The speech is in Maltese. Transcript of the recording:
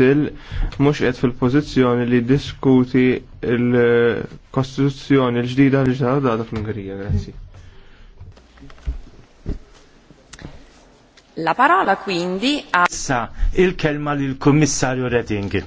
still kunsill mhux qed fil-pożizzjoni li diskuti l-Kostituzzjoni l-ġdida li ġdada data fl-Ungerija. Grazzi. La parola quindi a... Sa, il-kelma lill kummissarju Redding.